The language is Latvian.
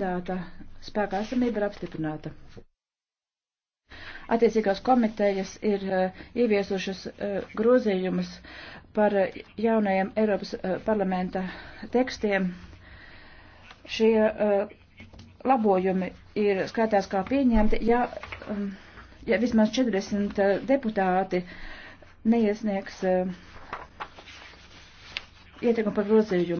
mandāta spēkā esamība ir apstiprināta. Attiecīgās komitejas ir uh, ieviesušas uh, grozījumus par uh, jaunajiem Eiropas uh, parlamenta tekstiem. Šie uh, labojumi ir skatās kā pieņemti, ja, um, ja vismaz 40 uh, deputāti neiesniegs uh, ieteikumu par grozījumu.